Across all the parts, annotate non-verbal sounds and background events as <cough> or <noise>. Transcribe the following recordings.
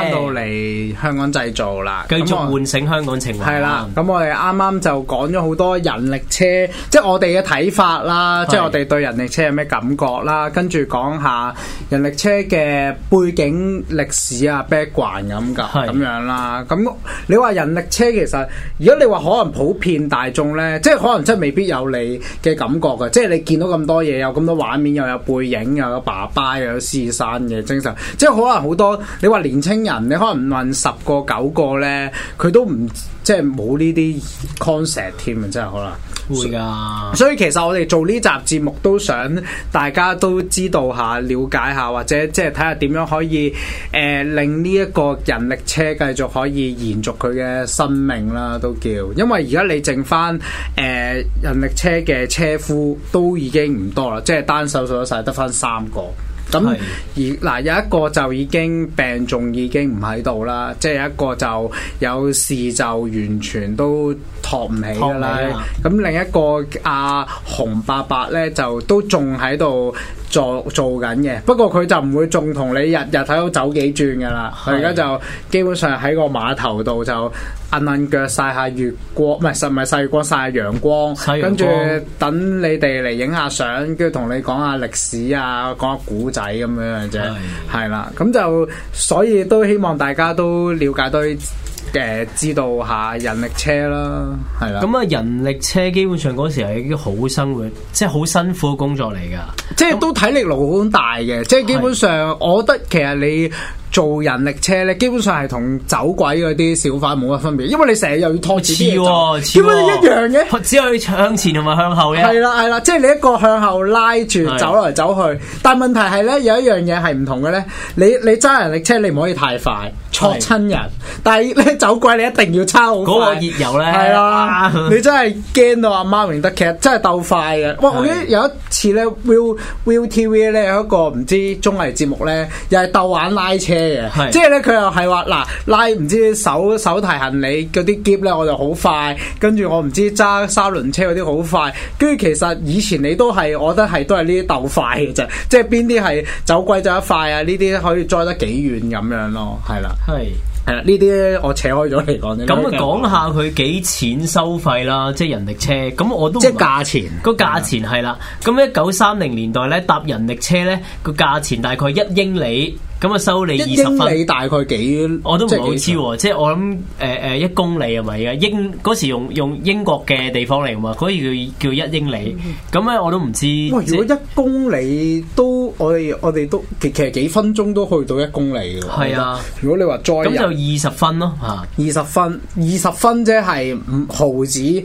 翻到嚟。香港製造啦，繼續喚醒香港情懷。係啦，咁我哋啱啱就講咗好多人力車，即係我哋嘅睇法啦，是的 即係我哋對人力車有咩感覺啦，跟住講下人力車嘅背景歷史啊、background 咁噶，咁樣啦。咁是的 你話人力車其實，如果你話可能普遍大眾咧，即係可能真係未必有你嘅感覺噶，即係你見到咁多嘢，有咁多畫面，又有，有背影，又有，有爸爸，又有師生嘅精神，即係可能好多你話年青人，你可能唔問。十個九個呢，佢都唔即係冇呢啲 concept 添啊！真係可能會㗎的。所以其實我哋做呢集節目都想大家都知道下、了解下，或者即係睇下點樣可以誒、呃、令呢一個人力車繼續可以延續佢嘅生命啦，都叫。因為而家你剩翻誒、呃、人力車嘅車夫都已經唔多啦，即係單手數得曬，得翻三個。咁而嗱有一個就已經病重，已經唔喺度啦。即係有一個就有事就完全都托唔起㗎啦。咁另一個阿熊伯伯呢，就都仲喺度。做做緊嘅，不過佢就唔會仲同你日日睇到走幾轉嘅啦。佢而家就基本上喺個碼頭度就摁揞腳晒下月光，唔係唔係曬月光晒下陽光，陽光跟住等你哋嚟影下相，跟住同你講下歷史啊，講下古仔咁樣啫，係啦。咁就所以都希望大家都了解多啲誒，知道下人力車啦，係啦。咁啊，人力車基本上嗰時候已經好生活，即係好辛苦嘅工作嚟㗎，嗯、即係都體力勞好大嘅，嗯、即係基本上，我覺得其實你。做人力車咧，基本上係同走鬼嗰啲小販冇乜分別，因為你成日又要拖住，基本一樣嘅，只可以向前同埋向後嘅。係啦係啦，即係你一個向後拉住走嚟走去，但係問題係咧，有一樣嘢係唔同嘅咧，你你揸人力車你唔可以太快，挫親人。但係咧，走鬼你一定要揸好快。嗰個熱油咧，係咯，你真係驚到阿媽榮得，其實真係鬥快嘅。哇！我記得有一次咧，Will Will TV 咧有一個唔知綜藝節目咧，又係鬥玩拉車。即係咧，佢又係話嗱，拉唔知手手提行李嗰啲箧咧，我就好快；跟住我唔知揸三輪車嗰啲好快。跟住其實以前你都係，我覺得係都係呢啲鬥快嘅啫。即係邊啲係走鬼走得快啊？呢啲可以載得幾遠咁樣咯？係啦，係係啦，呢啲我扯開咗嚟講咁啊，講下佢幾錢收費啦？即係人力車咁，我都即係價錢個價錢係啦。咁一九三零年代咧，搭人力車咧個價錢大概一英里。咁啊，收你二十分。你大概幾？我都唔好知喎。即係我諗，誒誒、呃，呃、一公里係咪而英嗰時用用英國嘅地方嚟噶嘛？所以叫叫一英里。咁咧，我都唔知。哇！如果一公里都，即我哋我哋都其實幾分鐘都去到一公里嘅。係啊，如果你話再咁就二十分咯，吓二十分，二十分啫，係五毫子。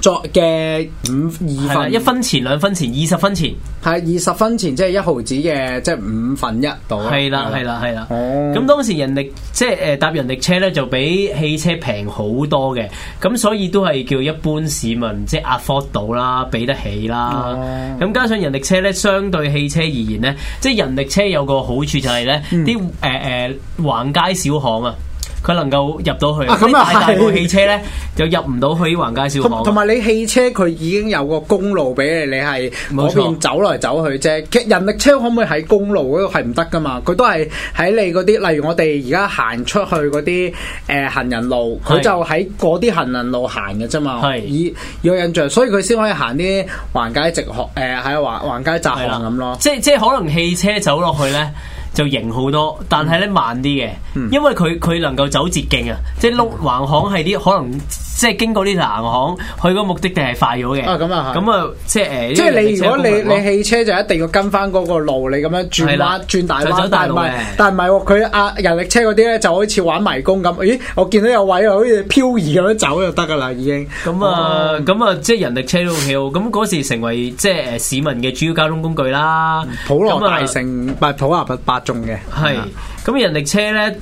作嘅五二分， <noise> 一分錢兩分錢，二十分錢係二十分錢，即係一毫子嘅，即係五分一度。係啦，係啦，係啦。咁、嗯、當時人力即係誒搭人力車咧，就比汽車平好多嘅。咁所以都係叫一般市民即係 afford 到啦，俾得起啦。咁、嗯、加上人力車咧，相對汽車而言咧，即係人力車有個好處就係、是、咧，啲誒誒橫街小巷啊。佢能夠入到去，咁但係大部汽車咧 <laughs> 就入唔到去橫街小巷，同埋你汽車佢已經有個公路俾你，你係嗰邊走嚟走去啫。人力車可唔可以喺公路嗰、嗰個係唔得噶嘛？佢都係喺你嗰啲，例如我哋而家行出去嗰啲誒行人路，佢是就喺嗰啲行人路行嘅啫嘛。以以我印象，所以佢先可以行啲橫街直行誒，喺橫橫街窄巷咁咯。即即，即可能汽車走落去咧。 <laughs> 就型好多，但係咧慢啲嘅，因為佢佢能夠走捷徑啊，即係碌橫巷係啲可能即係經過啲橫巷佢個目的地係快咗嘅。咁啊，咁啊即係誒。即係你如果你你汽車就一定要跟翻嗰個路，你咁樣轉彎轉大彎，但唔係但唔係喎，佢啊人力車嗰啲咧就好似玩迷宮咁。咦，我見到有位啊，好似漂移咁樣走就得㗎啦，已經。咁啊咁啊，即係人力車都好，咁嗰時成為即係誒市民嘅主要交通工具啦。普羅大城唔係普羅仲嘅，係咁人力車咧，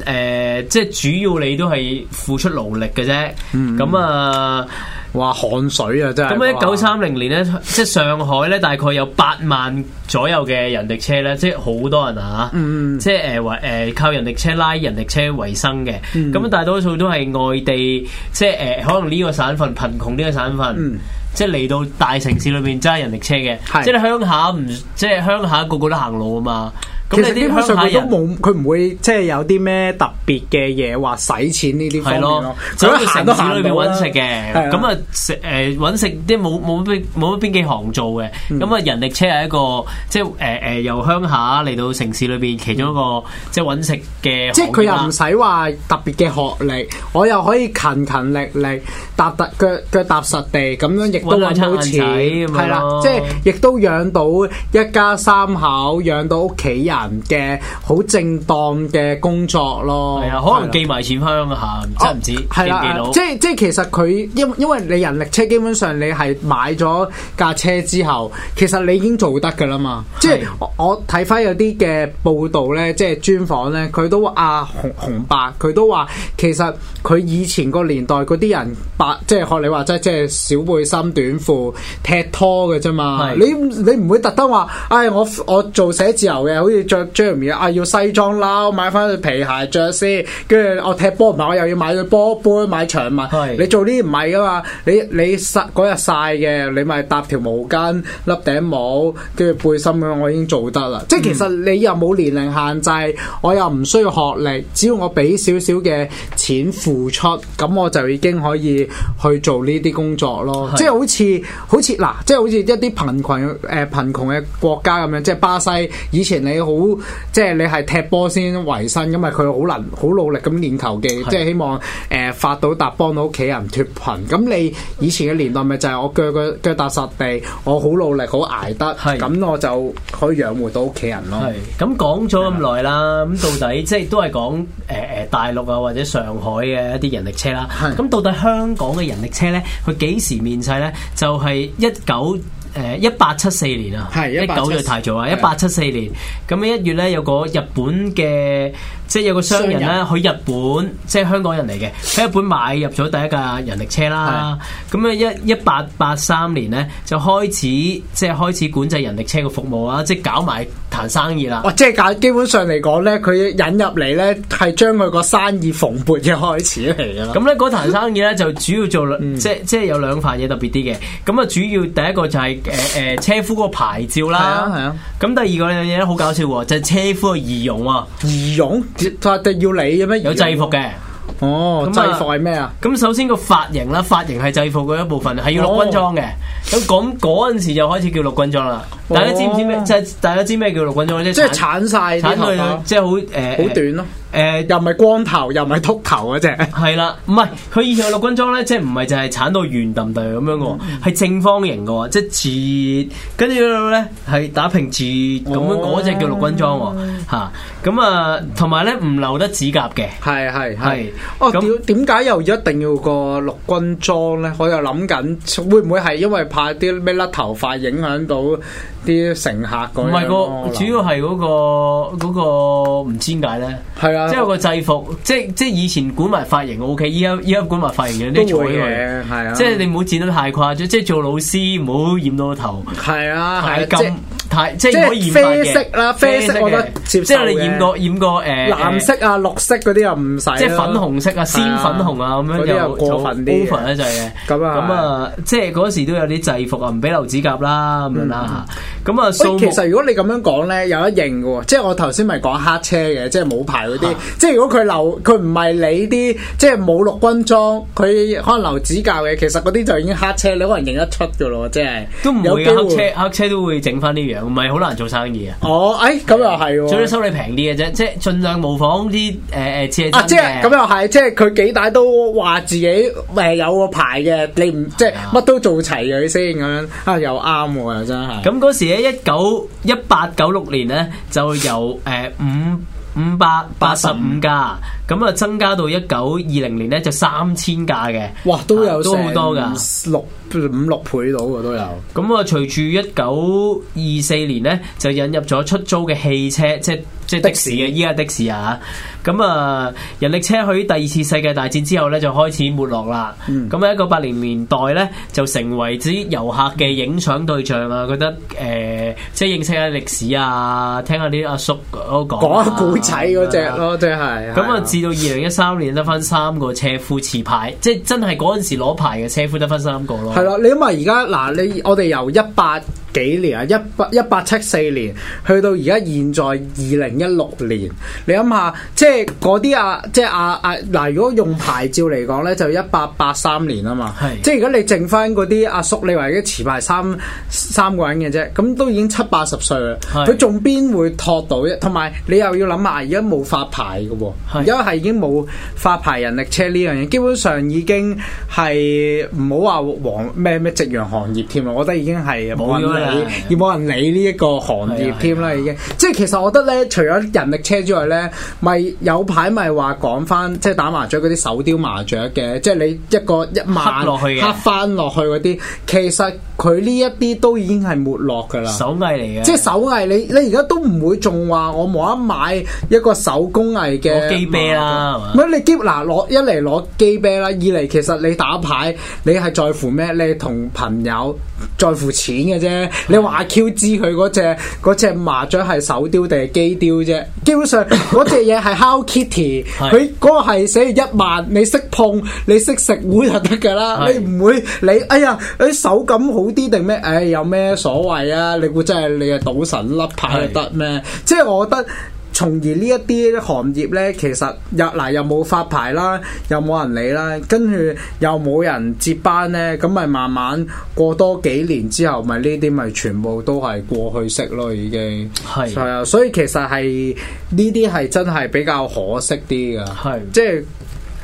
誒，即係主要你都係付出勞力嘅啫。咁啊，嘩汗水啊，真係。咁一九三零年咧，即係上海咧，大概有八萬左右嘅人力車咧，即係好多人啊，即係誒，或誒靠人力車拉人力車為生嘅。咁大多數都係外地，即係誒可能呢個省份貧窮，呢個省份即係嚟到大城市裏面揸人力車嘅。即係鄉下唔，即係鄉下個個都行路啊嘛。咁你基本上佢都冇，佢唔會即係有啲咩特別嘅嘢話使錢呢啲係咯。佢喺城市裏邊揾食嘅，咁啊、嗯呃、食誒揾食即係冇冇乜冇乜邊幾行做嘅。咁啊、嗯、人力車係一個即係誒誒由鄉下嚟到城市裏邊其中一個、嗯、即係揾食嘅。即係佢又唔使話特別嘅學歷，我又可以勤勤力力踏踏腳腳踏實地咁樣亦都揾到錢。係啦，即係亦都養到一家三口，養到屋企人。嘅好正當嘅工作咯，係啊、嗯，可能寄埋錢鄉下的啊，真係唔止，係啦、啊啊，即係即係其實佢因因為你人力車基本上你係買咗架車之後，其實你已經做得噶啦嘛。即係我睇翻有啲嘅報道咧，即係專訪咧，佢都阿紅紅伯佢都話其實佢以前個年代啲人白，即係學你話齋即係小背心短褲踢拖嘅啫嘛。的你你唔會特登話，唉、哎，我我做寫字樓嘅，好似着 j e r 啊，要西裝褸，買翻對皮鞋着先，跟住我踢波唔係我又要買對波杯，買長襪是。你做呢啲唔係噶嘛？你你嗰日晒嘅，你咪搭條毛巾、笠頂帽，跟住背心咁，我已經做得啦。嗯、即係其實你又冇年齡限制，我又唔需要學歷，只要我俾少少嘅錢付出，咁我就已經可以去做呢啲工作咯。是即係好似好似嗱、啊，即係好似一啲貧窮誒貧窮嘅國家咁樣，即係巴西以前你好。好即係你係踢波先維生咁啊，佢好能好努力咁練球技，是的 即係希望誒、呃、發到達幫到屋企人脫貧。咁你以前嘅年代咪就係我腳腳腳踏實地，我好努力好捱得，咁是的 我就可以養活到屋企人咯是的。咁講咗咁耐啦，咁是的 到底即係都係講誒誒大陸啊或者上海嘅一啲人力車啦。咁是的 到底香港嘅人力車呢，佢幾時面世呢？就係一九。誒一八七四年啊，一九是就太早啊！一八七四年，咁的一月咧，有個日本嘅，即、就、係、是、有個商人咧，去人日本即係、就是、香港人嚟嘅，喺日本買入咗第一架人力車啦。咁咧的一一八八三年咧，就開始即係、就是、開始管制人力車嘅服務啊，即、就、係、是、搞埋，談生意啦，哇、哦！即係基本上嚟講咧，佢引入嚟咧係將佢個生意蓬勃嘅開始嚟噶啦。咁咧嗰談生意咧就主要做，即即係有兩塊嘢特別啲嘅。咁啊，主要第一個就係誒誒車夫嗰個牌照啦。係啊係啊。咁、啊、第二個樣嘢咧好搞笑喎，就係、是、車夫嘅儀容啊。儀容？佢話要你」要有，嘅咩？有制服嘅。哦，制服係咩啊？咁首先個髮型啦，髮型係制服嗰一部分，係要陸軍裝嘅。咁咁嗰陣時就開始叫陸軍裝啦，哦。大家知唔知咩？即係大家知咩叫陸軍裝？即係即係鏟晒，鏟、呃、去，即係好誒，好短咯。誒、呃、又唔係光頭，又唔係禿頭嗰隻。係啦， <laughs> <laughs> 唔係佢以前陸軍裝咧，即係唔係就係鏟到圓揼揼咁樣嘅喎，係正方形嘅喎，即係字，跟住咧係打平字咁樣，嗰隻、哦、叫陸軍裝喎，嚇。咁啊，同埋咧唔留得指甲嘅。係係係。啊、哦，點點解又一定要個陸軍裝咧？我又諗緊，會唔會係因為怕啲咩甩頭髮影響到啲乘客咁？唔係個，主要係嗰、嗰個嗰、嗰個唔、嗰個、知點解咧。係啊。即係有個制服，即係即係以前管埋髮型 O K，依家依家管埋髮型嘅，都會嘅，係啊。即係你唔好剪得太誇張，即係做老師唔好染到個頭。係啊，係咁太即係可以染嘅。啡色啦，啡色我覺得接受嘅。即係你染個染個誒藍色啊、綠色嗰啲又唔使，即係粉紅色啊、鮮粉紅啊咁樣就過分啲。過分咧就係咁啊咁啊，即係嗰時都有啲制服啊，唔俾留指甲啦咁啦嚇。咁啊，其實如果你咁樣講咧，有得認嘅喎。即係我頭先咪講黑車嘅，即係冇牌嗰啲。即係如果佢留佢唔係你啲，即係冇陸軍裝，佢可能留指教嘅。其實嗰啲就已經黑車，你可能認得出噶咯，即係都唔會，會黑車，黑車都會整翻啲樣，唔係好難做生意，oh，哎、啊。哦，哎，咁又係喎，最多收你平啲嘅啫，即係盡量模仿啲誒誒車即係咁又係，即係佢幾大都話自己誒有個牌嘅，你唔、啊、即係乜都做齊嘅先咁樣啊，又啱喎，又真係。咁嗰時咧，一九一八九六年咧，就由誒五。呃嗯嗯 <laughs> <laughs> 五百八十五架。咁啊，增加到一九二零年呢，就三千架嘅，哇，都有都好多噶，五六五六倍到嘅都有。咁啊，隨住一九二四年呢，就引入咗出租嘅汽車，即係、即係、的士嘅，依家的士啊。咁啊，人力車去第二次世界大戰之後呢，就開始沒落啦。咁喺一九八零年代呢，就成為啲遊客嘅影相對象啊。覺得誒、呃，即係認識下歷史啊，聽下啲阿叔都講下古仔嗰隻咯，即係。咁啊。 <music> 至到二零一三年得翻三個車夫持牌，即係真係嗰陣時攞牌嘅車夫得翻三個咯。係啦 <noise> 你諗下而家嗱，你我哋由一八。幾年啊？一八一八七四年去到而家現在二零一六年，你諗下，即係嗰啲啊，即係啊，阿、啊、嗱，如、啊、果用牌照嚟講咧，就一八八三年啊嘛，是即係如果你剩翻嗰啲阿叔，你話啲持牌三三個人嘅啫，咁都已經七八十歲啦，佢仲邊會托到？同埋你又要諗下，而家冇發牌嘅喎，而家係已經冇發牌人力車呢樣嘢，基本上已經係唔好話黃咩咩夕陽行業添啊，我覺得已經係冇要冇 <noise> <noise> 人理呢一個行業添啦，已經即係其實我覺得咧，除咗人力車之外咧，咪有排咪話講翻，即係打麻雀嗰啲手雕麻雀嘅，即係你一個一萬黑翻落去嗰啲，其實。佢呢一啲都已經係沒落噶啦，手藝嚟嘅，即係手藝你你而家都唔會仲話我冇得買一個手工藝嘅機啤啦，係嘛？乜你機嗱攞一嚟攞機啤啦，二嚟其實你打牌你係在乎咩？你係同朋友在乎錢嘅啫。你話阿 Q 知佢隻隻麻雀係手雕定係機雕啫？基本上隻嘢係 Hello Kitty，佢個係寫住一萬你識碰你識食碗就得㗎啦，你唔會你，會你哎呀你手，你，你，你手感好。好啲定咩？唉、哎，有咩所謂啊？你估真係你係賭神甩牌就得咩？是 即係我覺得從而呢一啲行業咧，其實又嗱又冇發牌啦，又冇人理啦，跟住又冇人接班咧，咁咪慢慢過多幾年之後，咪呢啲咪全部都係過去式咯，已經係係啊，所以其實係呢啲係真係比較可惜啲㗎，係即係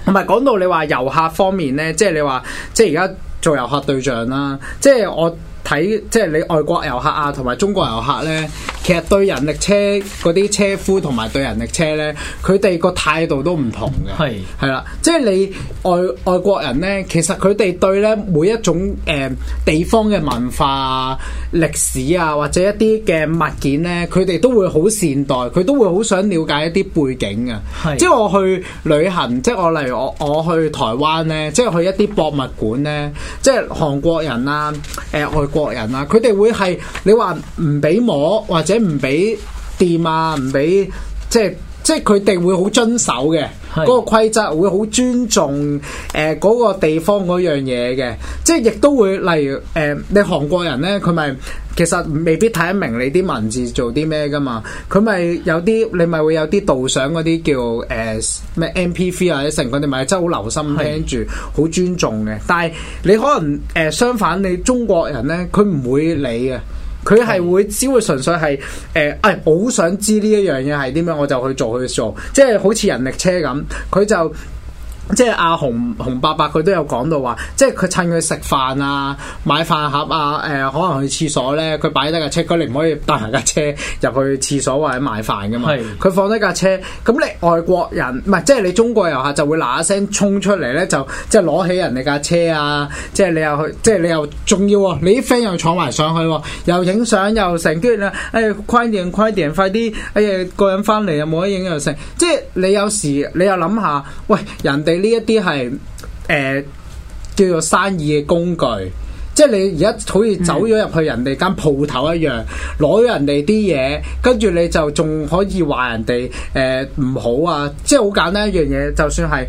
同埋講到你話遊客方面咧，即係你話即係而家。做遊客對象啦，即係我。喺即係你外國遊客啊，同埋中國遊客咧，其實對人力車嗰啲車夫同埋對人力車咧，佢哋個態度都唔同嘅。係係啦，即係你外外國人咧，其實佢哋對咧每一種誒、呃、地方嘅文化、歷史啊，或者一啲嘅物件咧，佢哋都會好善待，佢都會好想了解一啲背景嘅。係是的 即係我去旅行，即係我例如我我去台灣咧，即係去一啲博物館咧，即係韓國人啊誒、呃、外國。個人啊，佢哋會係你話唔俾摸或者唔俾掂啊，唔俾即係。即係佢哋會好遵守嘅，嗰個規則會好尊重誒嗰個地方嗰樣嘢嘅，即係亦都會例如誒、呃、你韓國人呢，佢咪其實未必睇得明你啲文字做啲咩㗎嘛，佢咪有啲你咪會有啲導賞嗰啲叫誒咩、呃、MPV 或者成個你咪真係好留心聽住，好是尊重嘅。但係你可能誒、呃、相反，你中國人呢，佢唔會理嘅。佢係會只會純粹係誒，係、呃、我好想知呢一樣嘢係點樣，我就去做去做，即係好似人力車咁，佢就。即係阿洪洪伯伯佢都有講到話，即係佢趁佢食飯啊、買飯盒啊、誒可能去廁所咧，佢擺低架車，佢你唔可以帶埋架車入去廁所或者買飯噶嘛。佢放低架車，咁你外國人唔係即係你中國遊客就會嗱一聲沖出嚟咧，就即係攞起人哋架車啊！即係你又去，即係你又仲要喎，你啲 friend 又坐埋上去，又影相又成跟住咧，誒，快啲快啲誒，個人癮翻嚟又冇得影又成，即係你有時你又諗下，喂人哋。你呢一啲係誒叫做生意嘅工具，即係你而家好似走咗入去人哋間鋪頭一樣，攞咗人哋啲嘢，跟住你就仲可以話人哋誒唔好啊！即係好簡單一樣嘢，就算係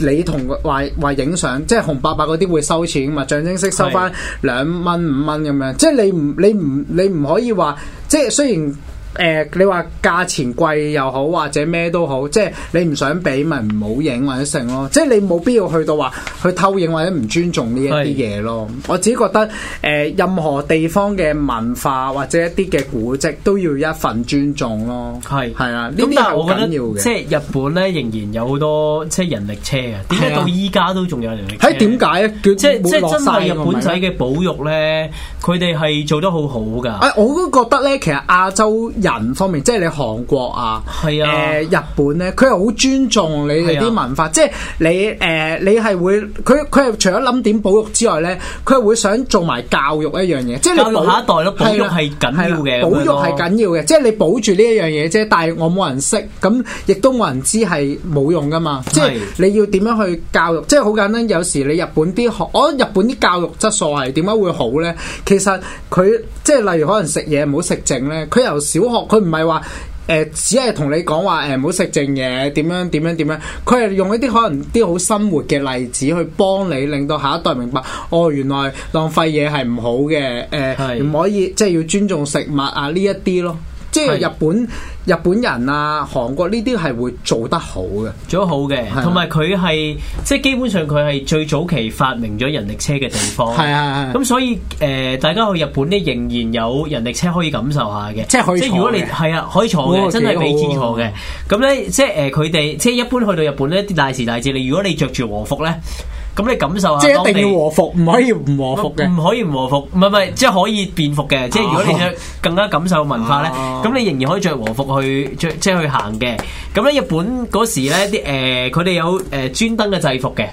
你同佢話話影相，即係紅伯伯嗰啲會收錢嘛，象徵式收翻兩蚊五蚊咁樣，的即係你唔你唔你唔可以話，即係雖然。誒、欸，你話價錢貴又好，或者咩都好，即係你唔想俾咪唔好影或者剩咯，即係你冇必要去到話去偷影或者唔尊重呢一啲嘢咯。是我只覺得誒、呃，任何地方嘅文化或者一啲嘅古蹟都要一份尊重咯。係係是啊，呢啲好緊要嘅。即係日本咧，仍然有好多即係人力車啊，點解到依家都仲有人力車？喺點解？即即真係日本仔嘅保育咧，佢哋係做得好好㗎。誒、啊，我都覺得咧，其實亞洲人方面，即係你韓國啊，誒、啊呃、日本咧，佢又好尊重你哋啲文化，啊、即係你誒、呃、你係會佢佢係除咗諗點保育之外咧，佢係會想做埋教育一樣嘢，即係教育下一代咯、啊啊。保育係緊要嘅，保育係緊要嘅，即係你保住呢一樣嘢啫。但係我冇人識，咁亦都冇人知係冇用㗎嘛。即係你要點樣去教育？即係好簡單，有時你日本啲學，我覺得日本啲教育質素係點解會好咧？其實佢即係例如可能食嘢唔好食剩咧，佢由小學。佢唔係話誒，只係同你講話誒，唔好食剩嘢，點樣點樣點樣。佢係用一啲可能啲好生活嘅例子去幫你，令到下一代明白，哦，原來浪費嘢係唔好嘅，誒、呃，係，唔可以即係、就是、要尊重食物啊呢一啲咯。即係日本日本人啊，韓國呢啲係會做得好嘅，做得好嘅，同埋佢係即係基本上佢係最早期發明咗人力車嘅地方。係是啊，咁所以誒，呃、大家去日本咧仍然有人力車可以感受下嘅，即係可以，即係如果你係的啊，可以坐嘅，真係幾舒服嘅。咁咧，即係誒，佢、呃、哋即係一般去到日本咧，啲大時大節，你如果你着住和服咧。咁你感受下即係一定要和服，唔可以唔和服嘅，唔可以唔和服，唔係唔係，即係可以便服嘅，即係如果你想更加感受文化咧，咁，啊，你仍然可以着和服去着，即係去行嘅。咁咧日本嗰時咧啲、誒，佢哋有誒專登嘅制服嘅。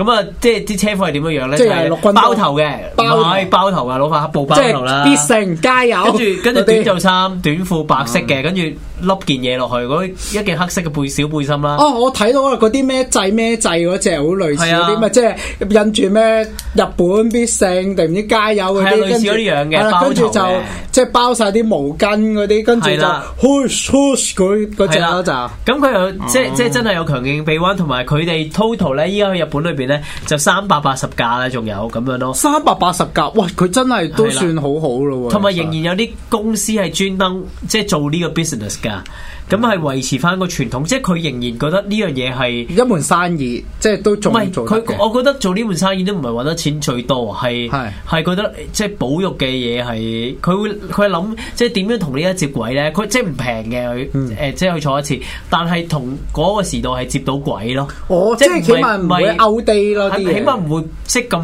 咁啊，即係啲車服係點樣樣咧？即係包頭嘅，唔係包頭啊，攞塊黑布包頭啦。必勝加油。跟住跟住短袖衫、短褲白色嘅，跟住笠件嘢落去，嗰一件黑色嘅背小背心啦。哦，我睇到啦，嗰啲咩製咩製嗰隻好類似嗰啲咪即係印住咩日本必勝定唔知加油嗰係類似嗰啲樣嘅，包頭嘅。即係包晒啲毛巾嗰啲，跟住就 push push 佢嗰隻咁，佢又即係即係真係有強勁臂彎，同埋佢哋 total 咧，依家去日本裏邊咧就三百八十架啦，仲有咁樣咯。三百八十架，嘩，佢真係都算好好咯。同埋的仍然有啲公司係專登即係做呢個 business 噶。咁係、嗯嗯、維持翻個傳統，即係佢仍然覺得呢樣嘢係一門生意，即係都做，做。唔係佢，我覺得做呢門生意都唔係揾得錢最多，係係是覺得即係保育嘅嘢係佢會佢諗，即係點樣同呢一接軌咧？佢即係唔平嘅，佢誒、嗯呃、即係去坐一次，但係同嗰個時代係接到軌咯。我、哦、即係起碼唔會 out 低咯，起碼唔會即咁。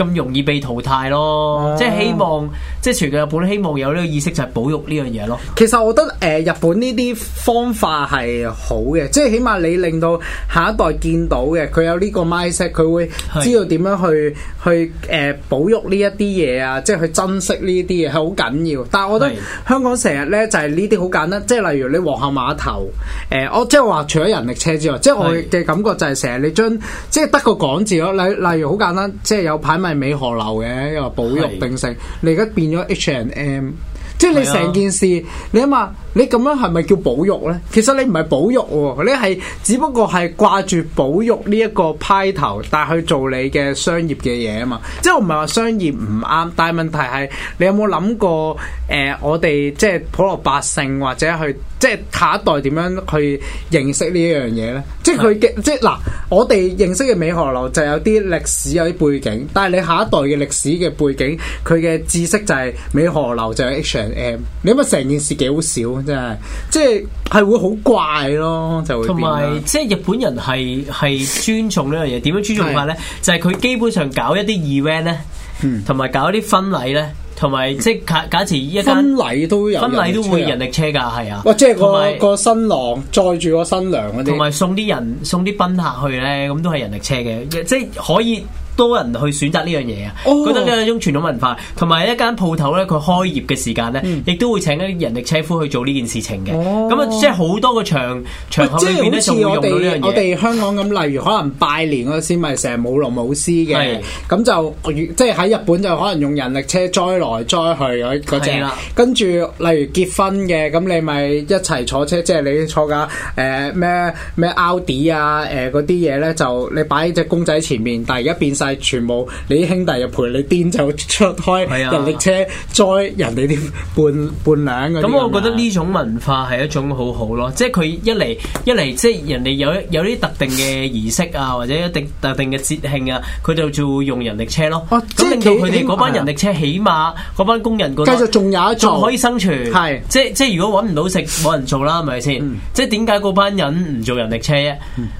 咁容易被淘汰咯，即係希望，即係全個日本希望有呢個意識就係保育呢樣嘢咯。其實我覺得誒、呃、日本呢啲方法係好嘅，即係起碼你令到下一代見到嘅，佢有呢個 mindset，佢會知道點樣去是去誒、呃、保育呢一啲嘢啊，即係去珍惜呢啲嘢係好緊要。但係我覺得香港成日咧就係呢啲好簡單，即係例如你皇后碼頭誒、呃、我即係話除咗人力車之外，是即係我嘅感覺就係成日你將即係得個港字咯。例例如好簡單，即係有排咪係美河流嘅，又話保育定性。是的 你而家變咗 H and M，即係你成件事，是的 你諗下。你咁樣係咪叫保育呢？其實你唔係保育喎、喔，你係只不過係掛住保育呢一個派頭，但係去做你嘅商業嘅嘢啊嘛。即係我唔係話商業唔啱，但係問題係你有冇諗過？誒、呃，我哋即係普羅百姓或者去即係下一代點樣去認識呢一樣嘢呢？即係佢嘅即係嗱，我哋認識嘅美荷樓就有啲歷史有啲背景，但係你下一代嘅歷史嘅背景，佢嘅知識就係美荷樓，就係 H and M。你諗下成件事幾好笑？即係，即係，係會好怪咯，就會同埋，即係日本人係係尊重呢樣嘢，點樣尊重法咧？的就係佢基本上搞一啲 event 咧、嗯，同埋搞一啲婚禮咧，同埋即係假假設一婚禮都有，婚禮都會人力車噶，係啊，哇、嗰個！即係有個新郎載住個新娘啲，同埋送啲人送啲賓客去咧，咁都係人力車嘅，即係可以。多人去選擇呢樣嘢啊，覺得呢一種傳統文化同埋一間鋪頭咧，佢開業嘅時間咧，亦都會請一啲人力車夫去做呢件事情嘅。咁啊，即係好多個場場合裏面咧，仲會用到呢樣嘢。我哋香港咁，例如可能拜年嗰時咪成日舞龍舞獅嘅，咁就即係喺日本就可能用人力車載來載去嗰嗰隻。跟住例如結婚嘅，咁你咪一齊坐車，即係你坐架誒咩咩 Audi 啊誒嗰啲嘢咧，就你擺喺隻公仔前面。但係而家變晒。係全部你兄弟又陪你顛就出開人力車載、啊、人哋啲伴伴娘。咁我覺得呢種文化係一種好好咯，即係佢一嚟一嚟，即係人哋有有啲特定嘅儀式啊，或者一定特定嘅節慶啊，佢就做用人力車咯。咁令到佢哋嗰班人力車，起碼嗰班工人、嗰個繼續仲有一種可以生存。係的，即係即係如果揾唔到食，冇人做啦，係咪先？ <laughs> 即係點解嗰班人唔做人力車啫？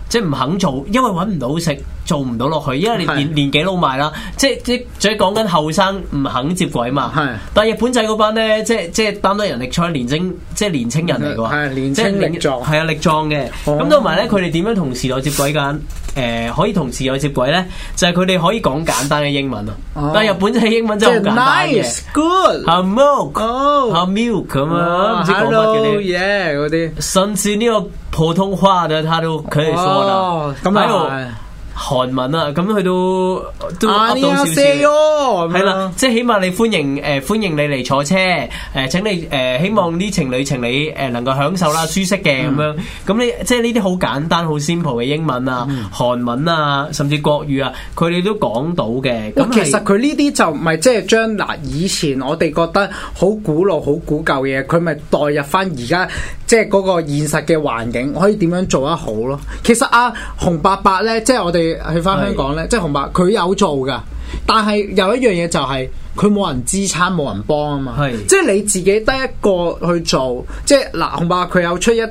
即係唔肯做，因為揾唔到食。做唔到落去，因為你年年紀老埋啦，即即仲要講緊後生唔肯接軌嘛。但係日本仔嗰班咧，即即擔得人力車年青，即年青人嚟㗎。係年青力壯，係啊力壯嘅。咁同埋咧，佢哋點樣同時代接軌㗎？誒，可以同時代接軌咧，就係佢哋可以講簡單嘅英文咯。但係日本仔英文真係好簡單 good hello milk milk 咁樣，唔知講乜嘅啲。甚至呢個普通話都可以說的，咁啊。韓文啊，咁佢都都學到少少，係啦，即係起碼你歡迎誒歡迎你嚟坐車，誒請你誒希望呢程旅程你誒能夠享受啦，舒適嘅咁樣，咁你即係呢啲好簡單好 simple 嘅英文啊、韓文啊，甚至國語啊，佢哋都講到嘅。咁其實佢呢啲就唔係即係將嗱以前我哋覺得好古老好古舊嘅嘢，佢咪代入返而家即係嗰個現實嘅環境，可以點樣做得好咯。其實阿紅伯伯咧，即係我哋。去翻香港咧，是的 即係紅白佢有做噶，但係有一樣嘢就係佢冇人支撐，冇人幫啊嘛。係，是的 即係你自己得一個去做，即係嗱，紅白佢有出一啲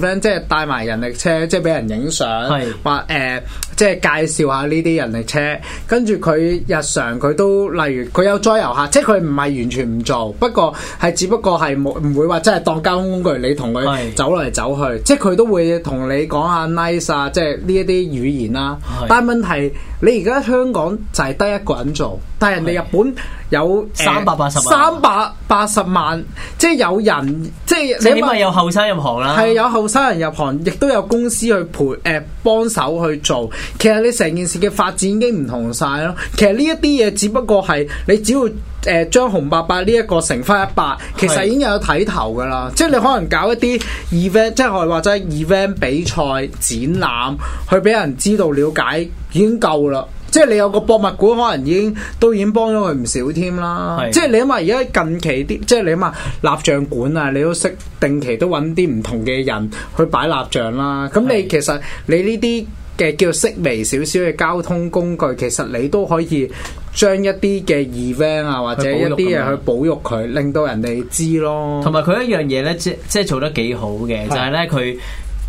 event，即係帶埋人力車，即係俾人影相，話誒是的。呃即係介紹下呢啲人力車，跟住佢日常佢都例如佢有載遊客，即係佢唔係完全唔做，不過係只不過係冇唔會話真係當交通工具，你同佢走嚟走去，是 即係佢都會同你講下 nice 啊，即係呢一啲語言啦、啊。是 但係問題你而家香港就係得一個人做，但係人哋日本有三百八十萬，三百八十萬，萬即係有人，即係你咪有後生入行啦、啊，係有後生人入行，亦都有公司去陪誒、呃、幫手去做。其實你成件事嘅發展已經唔同晒咯。其實呢一啲嘢只不過係你只要誒將、呃、紅伯伯呢一個乘翻一百，其實已經有睇頭噶啦。是的 即係你可能搞一啲 event，即係話或者 event 比賽展覽，去俾人知道了解已經夠啦。即係你有個博物館，可能已經都已經幫咗佢唔少添啦是的。即係你諗下，而家近期啲，即係你諗下，蠟像館啊，你都識定期都揾啲唔同嘅人去擺蠟像啦。咁你其實你呢啲嘅叫式微少少嘅交通工具，其實你都可以將一啲嘅 event 啊，或者一啲嘢去保育佢，令到人哋知咯。同埋佢一樣嘢咧，即即係做得幾好嘅，的就係咧佢。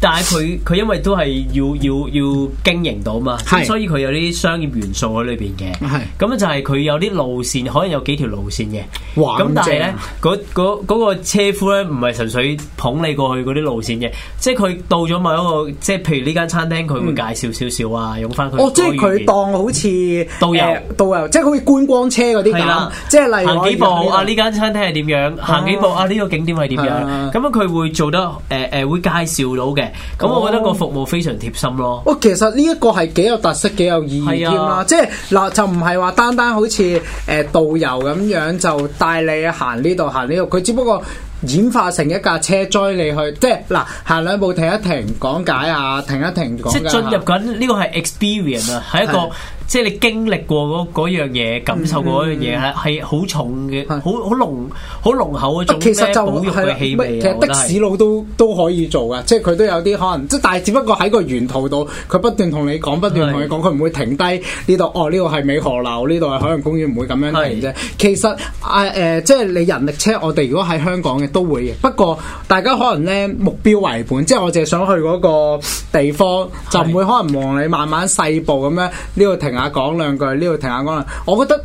但係佢佢因為都係要要要經營到嘛，所以佢有啲商業元素喺裏邊嘅。咁就係佢有啲路線，可能有幾條路線嘅。咁但係咧，嗰嗰個車夫咧，唔係純粹捧你過去嗰啲路線嘅，即係佢到咗某一個，即係譬如呢間餐廳，佢會介紹少少啊，用翻佢。哦，即係佢當好似導遊導遊，即係好似觀光車嗰啲係啦。即係例如行幾步啊，呢間餐廳係點樣？哦、行幾步啊，呢個景點係點樣？咁、哦、樣佢會做得誒誒、呃，會介紹到嘅。咁、嗯、我覺得個服務非常貼心咯、哦。我其實呢一個係幾有特色、幾有意義啊。即係嗱，就唔係話單單好似誒、呃、導遊咁樣就帶你行呢度行呢度。佢只不過演化成一架車載你去，即係嗱，行兩步停一停講解啊，停一停講解、啊。即係進入緊呢、呢個係 experience 啊，係一個。即係你經歷過嗰樣嘢，感受過嗰樣嘢係係好重嘅，好好濃好濃厚嘅。種咩保育嘅氣味，其實的士佬都都可以做㗎，即係佢都有啲可能，即但係只不過喺個沿途度，佢不斷同你講，不斷同你講，佢唔會停低呢度。哦、oh，呢度係美荷樓，呢度係海洋公園，唔會咁樣停啫。其實啊誒，即係你人力車，我哋如果喺香港嘅都會嘅，不過大家可能咧目標為本，即係我淨係想去嗰個地方，就唔會可能望你慢慢細步咁樣呢個停。停下講兩句，呢度停下講兩句，我覺得誒、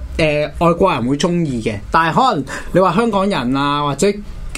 呃，外國人會中意嘅，但係可能你話香港人啊或者。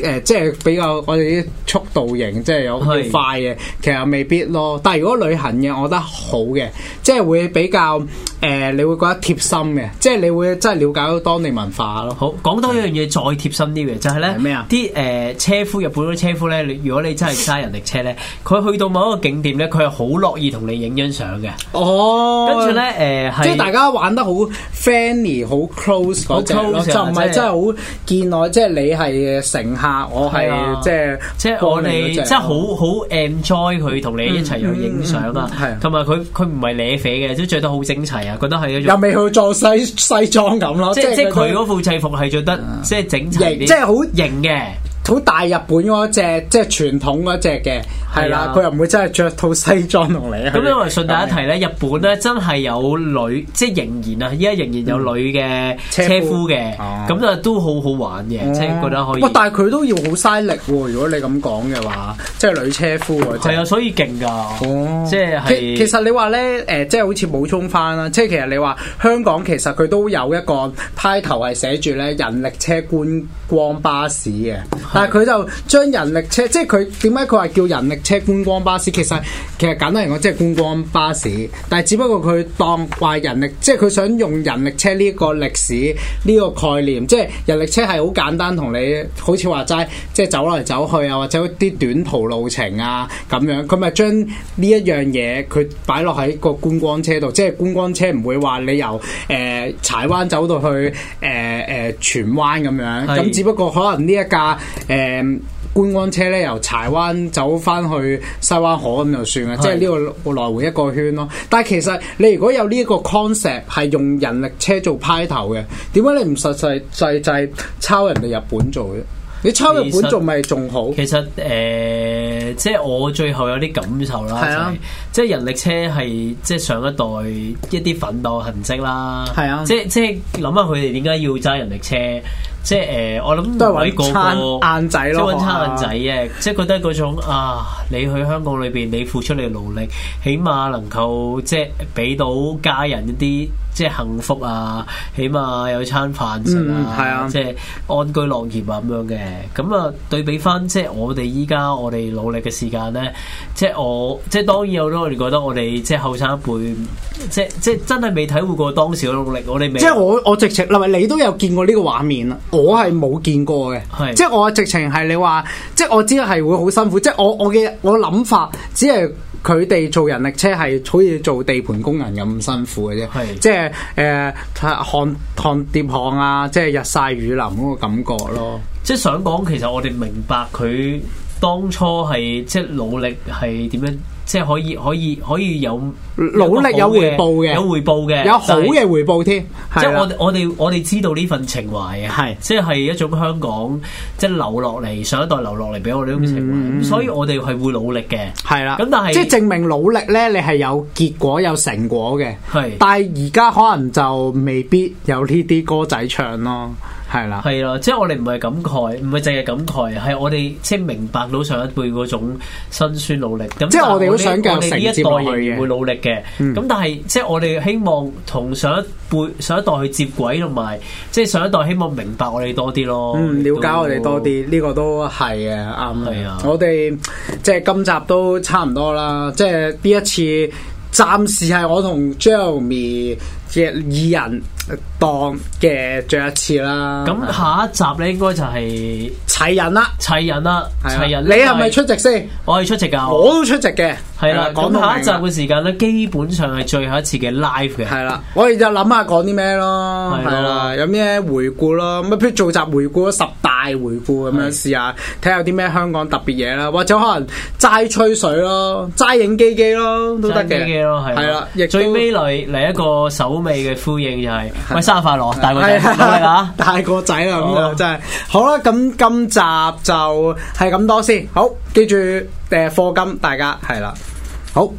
誒即係比較我哋啲速度型，即係有去快嘅，其實未必咯。但係如果旅行嘅，我覺得好嘅，即係會比較誒、呃、你會覺得貼心嘅，即係你會真係了解到當地文化咯。好，講多一樣嘢，再貼心啲嘅就係咧咩啊？啲誒車夫，日本啲車夫咧，如果你真係揸人力車咧，佢 <laughs> 去到某一個景點咧，佢係好樂意同你影張相嘅。哦，跟住咧誒，呃、即係大家玩得好 friendly 很、好 close 嗰、啊、只，就唔係真係好見外，即係你係乘客。我啊！我係即係即係我哋即係好好 enjoy 佢同你一齊去影相啊！係同埋佢佢唔係咧啡嘅，都、嗯、着、嗯啊、得好整齊啊！覺得係一種又未去做西西裝咁咯，即係是即係佢嗰副制服係着得、啊、齊即係整齊啲，的即係好型嘅。好大日本嗰隻，即係傳統嗰隻嘅，係啦、啊，佢又唔會真係着套西裝同你。咁因為順帶一提咧，啊、日本咧真係有女，即係仍然啊，依家仍然有女嘅車夫嘅，咁就、啊、都好好玩嘅，哦、即係覺得可以。哦、但係佢都要好嘥力喎，如果你咁講嘅話，即係女車夫啊。係啊，所以勁㗎。哦，即係是其實你話咧，誒、呃，即係好似補充翻啦，即係其實你話香港其實佢都有一個 title 係寫住咧人力車觀光巴士嘅。但係佢就將人力車，即係佢點解佢話叫人力車觀光巴士？其實其實簡單嚟講，即係觀光巴士。但係只不過佢當話人力，即係佢想用人力車呢個歷史呢個概念，即係人力車係好簡單同你，好似話齋，即係走嚟走去啊，或者啲短途路程啊咁樣。佢咪將呢一樣嘢佢擺落喺個觀光車度，即係觀光車唔會話你由誒柴灣走到去誒誒荃灣咁樣。咁只不過可能呢一架。誒、嗯、觀光車咧，由柴灣走翻去西灣河咁就算啦，的即係呢個來回一個圈咯。但係其實你如果有呢一個 concept 係用人力車做派頭嘅，點解你唔實際實際抄人哋日本做啫？你抄日本做咪仲好其？其實誒、呃，即係我最後有啲感受啦，的就是、即係人力車係即係上一代一啲奮鬥痕跡啦。係啊的，即係即係諗下佢哋點解要揸人力車。即係誒、呃，我諗都係揾個晏仔咯，揾餐晏仔啊！即係覺得嗰種啊，你去香港裏邊，你付出嘅努力，起碼能夠即係俾到家人一啲。即係幸福啊，起碼有餐飯食啊，即係安居樂業啊咁樣嘅。咁啊對比翻，即係我哋依家我哋努力嘅時間咧，即係我即係當然有咯。我哋覺得我哋即係後生一輩，即係即係真係未體會過當時嘅努力。我哋未即係我我直情，同埋你都有見過呢個畫面啦，我係冇見過嘅。係即係我直情係你話，即係我知係會好辛苦。即係我我嘅我諗法只係。佢哋 <music> 做人力車係好似做地盤工人咁辛苦嘅啫，即係誒汗汗疊汗啊，即係日曬雨淋嗰個感覺咯。嗯、 <music> 即係想講，其實我哋明白佢當初係即係努力係點樣。即係可以可以可以有努力有回報嘅，有回報嘅，是有好嘅回報添。是即係我我哋我哋知道呢份情懷，係即係一種香港即係留落嚟上一代留落嚟俾我哋呢種情懷。嗯、所以我哋係會努力嘅。係啦的，咁但係是即係證明努力呢，你係有結果有成果嘅。係的，但係而家可能就未必有呢啲歌仔唱咯。係啦，係啦，即係我哋唔係感慨，唔係淨係感慨，係我哋即係明白到上一輩嗰種辛酸努力。咁即係我哋都想教呢一代人會努力嘅。咁、嗯、但係即係我哋希望同上一輩、上一代去接軌，同埋即係上一代希望明白我哋多啲咯。嗯，到了解我哋多啲，呢、這個都係嘅，啱嘅。是的 我哋即係今集都差唔多啦。即係呢一次，暫時係我同 Jeremy。即係二人檔嘅最後一次啦。咁下一集咧，應該就係齊人啦，齊人啦，齊人。你係咪出席先？我係出席噶。我都出席嘅。係啦。講下一集嘅時間咧，基本上係最後一次嘅 live 嘅。係啦。我哋就諗下講啲咩咯，係啦。有咩回顧咯？咁啊，不如做集回顧咯，十大回顧咁樣試下，睇下有啲咩香港特別嘢啦。或者可能齋吹水咯，齋影機機咯，都得嘅。影機機咯，係啦。亦最尾嚟嚟一個首。味嘅呼應又係，喂，生日快樂，大個仔，開啦！大個仔啦，咁啊真係好啦，咁今集就係咁多先。好，記住誒課金，大家係啦，好。